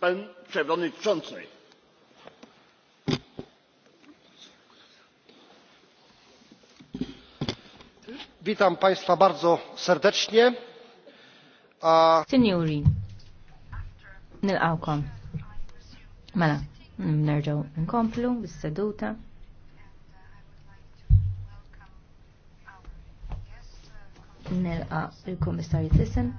Pan Przewodniczący. Witam Państwa bardzo serdecznie. A... Signori, nil-għawkom. Mela, nerġaw nkomplu, bis-seduta. Nilqa il-Komissarju Tissen.